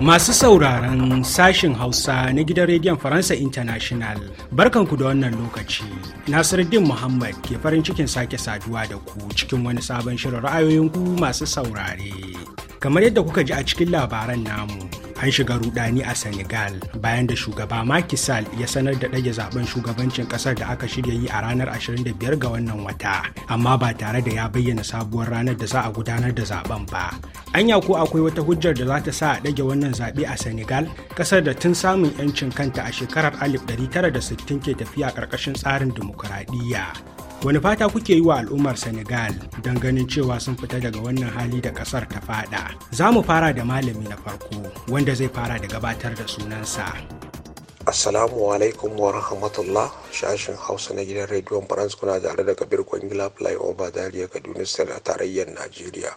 Masu sauraron sashin Hausa na gidan rediyon Faransa International, barkanku da wannan lokaci. Nasiruddin Muhammad ke farin cikin sake saduwa da ku cikin wani sabon shirin ra'ayoyinku masu saurare. Kamar yadda kuka ji a cikin labaran namu, an shiga rudani a Senegal bayan da shugaba Macky Sall ya sanar da ɗage zaben shugabancin ƙasar da aka shirya yi a ranar 25 ga wannan wata amma ba tare da ya bayyana sabuwar ranar da za a gudanar da zaben ba. Anya ko akwai wata hujjar da za ta sa a ɗage wannan zaɓe a Senegal ƙasar da tun samun 'yancin kanta a shekarar 1960 ke tafiya ƙarƙashin tsarin dimokuraɗiyya. wani fata kuke yi wa al'ummar senegal don ganin cewa sun fita daga wannan hali da kasar ta fada za mu fara da malami na farko wanda zai fara da gabatar da sunansa Assalamu alaikum wa rahmatullah shashin Hausa na gidan rediyon France kuna tare da Kabir Kwangila over Dariya Kaduna State a tarayyar Najeriya.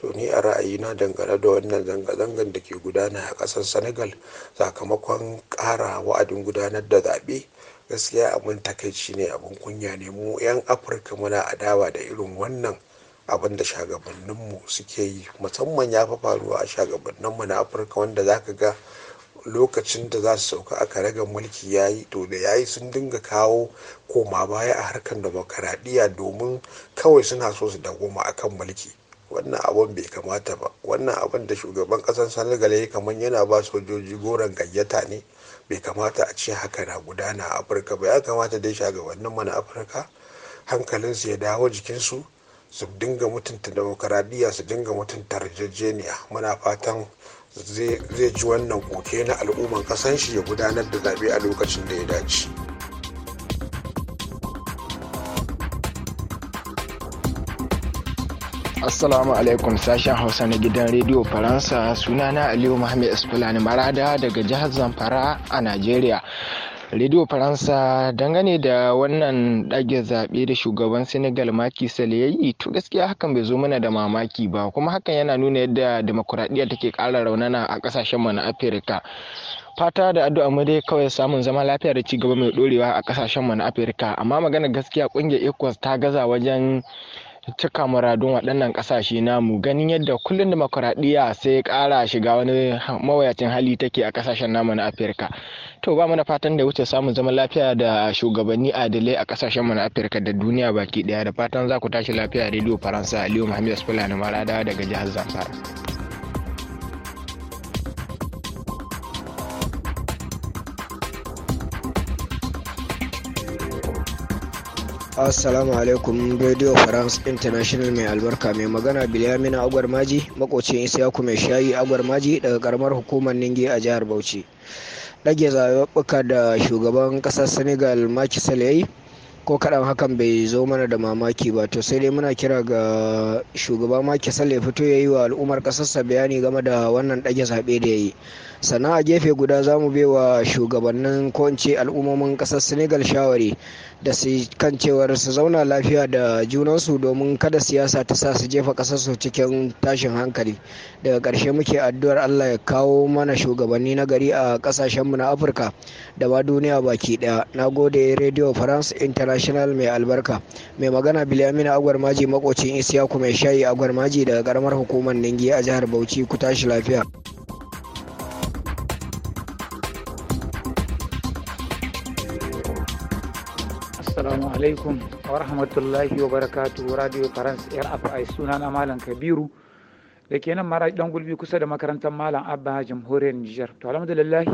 To ni a ra'ayina dangane da wannan zanga-zangan da ke gudana a ƙasar Senegal sakamakon ƙara wa'adin gudanar da zaɓe gaskiya abin takaici ne abin kunya ne mu 'yan afirka muna adawa da irin wannan abin da shagabanninmu suke yi musamman ya fi faruwa a shagabanninmu na afirka wanda za ka ga lokacin da za su sauka aka raga mulki ya yi to da ya yi sun dinga kawo koma baya a harkar demokaradiyya domin kawai suna so su dagoma a kan mulki wannan abin bai kamata ba wannan abun da shugaban ƙasar senegal ya kamar yana ba sojoji goron gayyata ne bai kamata a ce haka na gudana a afirka ba ya kamata dai shagabannin mana afirka hankalinsu ya dawo jikinsu su dinga mutunta demokaradiyya su dinga mutunta yarjejeniya muna fatan zai ci wannan koke na al'umman kasan shi ya gudanar da zaɓe a lokacin da ya dace. Assalamu alaikum sashen Hausa na gidan Rediyo Faransa sunana Aliyu Muhammad Esfulani Marada daga jihar Zamfara a Najeriya. Radio Faransa dangane da wannan dage zaɓe da shugaban Senegal Macky Sall ya yi to gaskiya hakan bai zo mana da mamaki ba kuma hakan yana nuna yadda demokuraɗiyya take ƙara raunana a ƙasashen mu na Afirka. fata da addu'a mu dai kawai samun zama lafiya da cigaba mai ɗorewa a kasashen mu na Afirka amma magana gaskiya ƙungiyar ECOWAS ta gaza wajen cika muradun waɗannan ƙasashe namu ganin yadda kullum demokuraɗiyya sai ƙara shiga wani mawuyacin hali take a ƙasashen namu na afirka to ba da fatan da wuce samun zaman lafiya da shugabanni adalai a ƙasashen mu na afirka da duniya baki ɗaya da fatan za ku tashi lafiya rediyo faransa aliyu muhammad fulani marada daga jihar zamfara assalamu alaikum radio france international mai albarka mai magana bilyamina agwar maji makocin isiyaku mai shayi agwar maji daga karamar hukumar ninge a jihar bauchi ɗage zaɓuɓɓuka da shugaban ƙasar senegal makisal Sall ko kaɗan hakan bai zo mana da mamaki ba to sai dai muna kira ga shugaba ma ke ya fito ya yi wa al'ummar ƙasarsa bayani game da wannan ɗage zaɓe da ya yi sannan a gefe guda za mu wa shugabannin ko in ce al'ummomin ƙasar Senegal shawari da su kan cewar su zauna lafiya da junansu domin kada siyasa ta sa su jefa ƙasarsu cikin tashin hankali daga ƙarshe muke addu'ar Allah ya kawo mana shugabanni na gari a ƙasashenmu na Afirka da ma duniya baki ɗaya na gode Radio France International international mai albarka mai magana bilamina agwar maji makocin isiyaku mai shayi agwar maji daga karamar hukumar ningi a jihar bauchi ku tashi lafiya assalamu alaikum wa rahmatullahi wa barakatu radio france rfi suna na malam kabiru da kenan nan mara dan gulbi kusa da makarantar malam abba jamhuriyar niger to alhamdulillah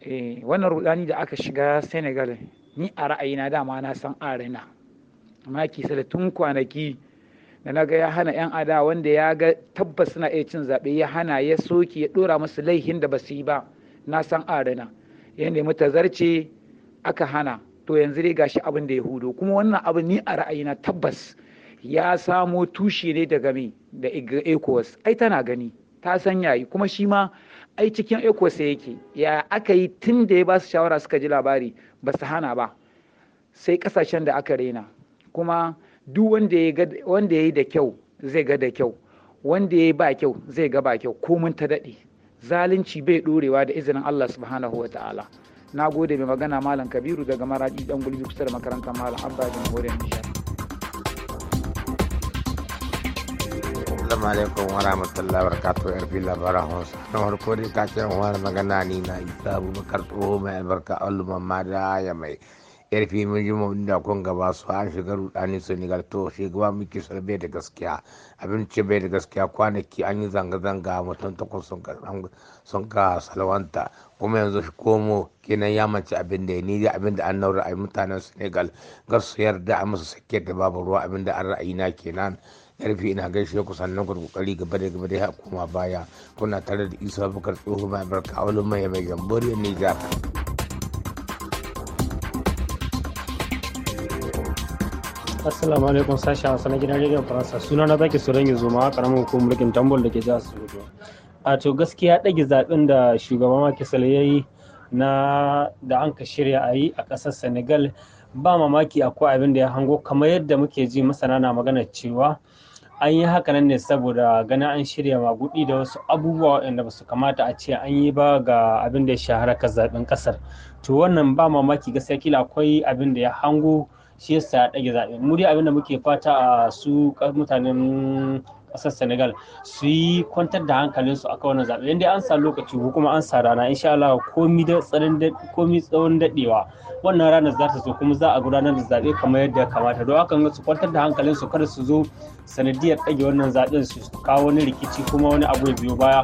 eh, wannan rudani da aka shiga senegal ni a ra'ayina dama na san arina. amma kisa da tun kwanaki da na ga ya hana 'yan ada wanda ya ga tabbas suna iya cin zaɓe ya hana ya soke ya ɗora musu laihin da ba su yi ba na san arina ya nemi tazarce aka hana to yanzu dai gashi abin da ya hudu. kuma wannan abin ni a ra'ayina tabbas ya samo tushe ne daga me da ecowas ai tana gani ta san yayi kuma shi ma ai cikin ecowas yake ya aka yi tun da ya ba su shawara suka ji labari ba su hana ba sai kasashen da aka raina kuma duk wanda ya yi da kyau zai ga da kyau wanda ya yi ba kyau zai ga ba kyau komun ta daɗe zalunci bai ɗorewa da izinin allah subhanahu wa ta'ala na gode mai magana malam kabiru daga maraɗi dan gulbi kusa da makarantar malam abba jamhuriyar nijar Assalamu alaikum wa rahmatullahi wa barakatuhu yarfi labaran Hausa. Na farko dai ka ce wani magana ni na Isa Abubakar tsoho mai albarka Alluma da ya mai yarfi mun ji mun da kun gaba su an shiga rudani Senegal to shugaba muke sarbe da gaskiya abin ce bai da gaskiya kwanaki an yi zanga-zanga mutum takwas sun ka salwanta kuma yanzu shi komo kenan ya mace abin da ya ni da abin da an naura a mutanen Senegal gar su yarda a musu sake da babu ruwa abin da an ra'ayi na kenan na ina gaishe ku sannan ku kokari gaba da gaba da koma baya kuna tare da isa bakar tsoho mai barka wani mai mai jamboriyar nijar. assalamu alaikum sashen hausa na gidan rediyon faransa suna na zaki suran yanzu a karamin hukumar mulkin tambol da ke jihar sokoto a to gaskiya ɗage zaɓen da shugaban makisal ya yi na da an ka shirya a yi a ƙasar senegal ba mamaki akwai abin da ya hango kamar yadda muke ji masana na magana cewa an yi hakanan ne saboda ganin an shirya magudi da wasu abubuwa waɗanda ba su kamata a ce an yi ba ga abin da ya shahara ka zaɓen ƙasar to wannan ba mamaki gaskiya kila akwai abin da ya hango shi yasa ya ɗage zaɓe mu dai abin da muke fata a su mutanen ƙasar Senegal su yi kwantar da hankalinsu akan wannan zaɓe yadda an sa lokaci ko kuma an sa rana insha Allah komi da komi tsawon daɗewa wannan ranar za ta zo kuma za a gudanar da zaɓe kamar yadda ya kamata don haka su kwantar da hankalinsu kada su zo sanadiyar ɗage wannan zaɓen su kawo wani rikici kuma wani abu biyo baya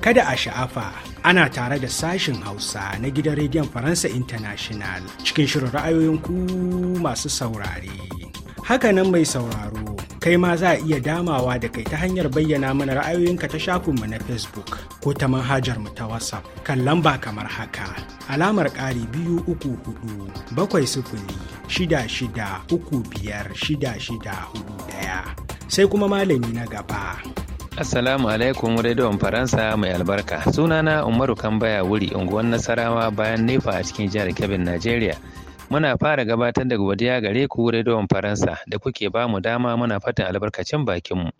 kada a sha'afa ana tare da sashin hausa na gidan rediyon faransa international cikin shirin ra'ayoyin ku masu saurare Haka nan mai sauraro kai ma za a iya damawa da kai ta hanyar bayyana mana ra'ayoyinka ta shafinmu na facebook ko ta manhajar mu ta whatsapp kan lamba kamar haka alamar ƙari biyu uku hudu bakwai sufuri, shida shida uku biyar shida shida hudu ɗaya sai kuma malami na gaba Assalamu alaikum rediyon Faransa mai albarka. Sunana Umaru Kambaya wuri unguwar Nasarawa bayan nefa a cikin jihar Kebbi, Najeriya. Muna fara gabatar da godiya gare ku rediyon Faransa da kuke ba mu dama muna fatan albarkacin bakinmu.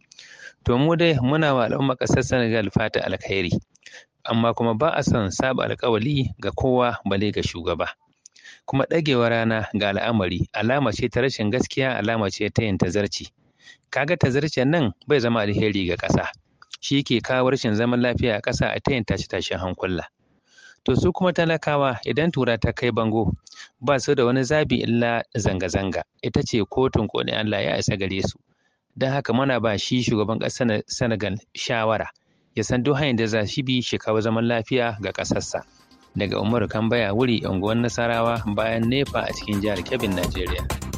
To mu dai muna wa al'umma ƙasar Senegal fata alkhairi. Amma kuma ba a son saba alkawali ga kowa bale ga shugaba. Kuma ɗagewa rana ga al'amari alama ce ta rashin gaskiya alama ce ta yin tazarci. Ka ga tazarcen nan bai zama alheri ga ƙasa shi ke kawo rashin zaman lafiya a ƙasa a yin tashi tashin hankula to su kuma talakawa idan tura ta kai bango ba su da wani zabi illa zanga-zanga ita ce kotun kone Allah ya isa gare su don haka muna ba shi shugaban ƙasar Senegal shawara ya san duk hanyar da za shi bi shi kawo zaman lafiya ga ƙasarsa daga Umaru Kambaya wuri unguwar Nasarawa bayan nepa a cikin jihar Kebbi Najeriya.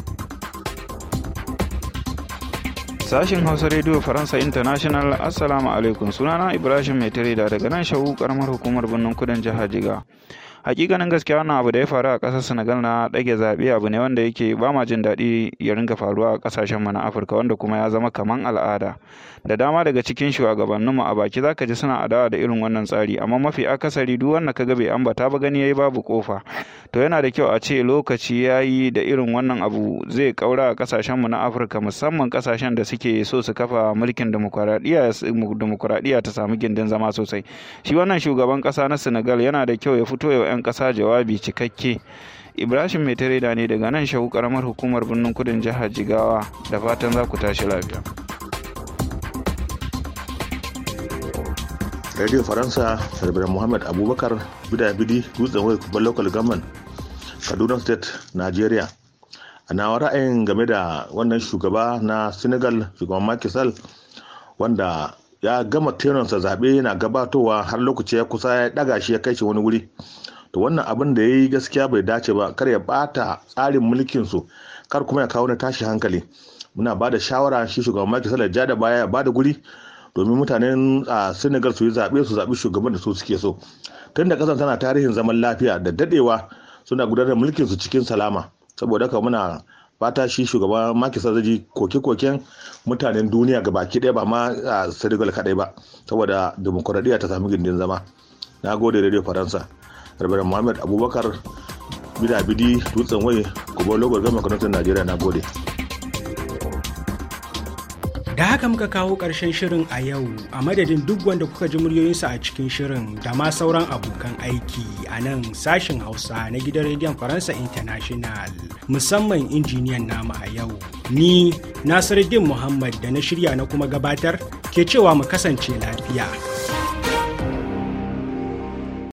sashen Hausa rediyo Faransa International Assalamu alaikum sunana Ibrahim maitireda da daga nan shawu karamar hukumar birnin kudin jihar Jiga. hakikanin gaskiya wannan abu da ya faru a ƙasar senegal na ɗage zaɓe abu ne wanda yake ba ma jin daɗi ya ringa faruwa a ƙasashen mu na afirka wanda kuma ya zama kaman al'ada da dama daga cikin shugabanninmu a baki zaka ji suna adawa da irin wannan tsari amma mafi akasari duk wanda kaga bai ambata ba gani yayi babu kofa to yana da kyau a ce lokaci yayi da irin wannan abu zai kaura a ƙasashen mu na afirka musamman ƙasashen da suke so su kafa mulkin demokuraɗiyya ta samu gindin zama sosai shi wannan shugaban ƙasa na senegal yana da kyau ya fito ya 'yan ƙasa jawabi cikakke ibrahim mai tareda ne daga nan shagu karamar hukumar birnin kudin jihar jigawa da fatan za ku tashi lafiya radio faransa sarbiran muhammad abubakar bida bidi dutsen wai kuma local government kaduna state nigeria a nawa ra'ayin game da wannan shugaba na senegal shugaban makisal wanda ya gama teransa zaɓe yana gabatowa har lokaci ya kusa ya ɗaga shi ya kai shi wani wuri to wannan abin da ya yi gaskiya bai dace ba kar ya bata tsarin mulkinsu kar kuma ya kawo na tashi hankali muna ba da shawara shi shugaban makisa Sall ja da baya ya ba da guri domin mutanen a Senegal su yi zaɓe su zaɓi shugaban da su suke so tun da kasan tana tarihin zaman lafiya da dadewa suna gudanar mulkin su cikin salama saboda haka muna fata shi shugaban Macky Sall zai koke-koken mutanen duniya ga baki ɗaya ba ma a Senegal kaɗai ba saboda dimokuraɗiyya ta sami gindin zama na gode radio faransa rabaran muhammad abubakar bida bidi dutsen wai kuma lagos gama kanatar najeriya na gode da haka muka kawo ƙarshen shirin a yau a madadin duk wanda kuka ji muryoyinsa a cikin shirin da ma sauran abokan aiki a nan sashen hausa na gidan rediyon faransa international musamman injiniyan namu a yau ni nasiruddin muhammad da na shirya na kuma gabatar ke cewa mu kasance lafiya.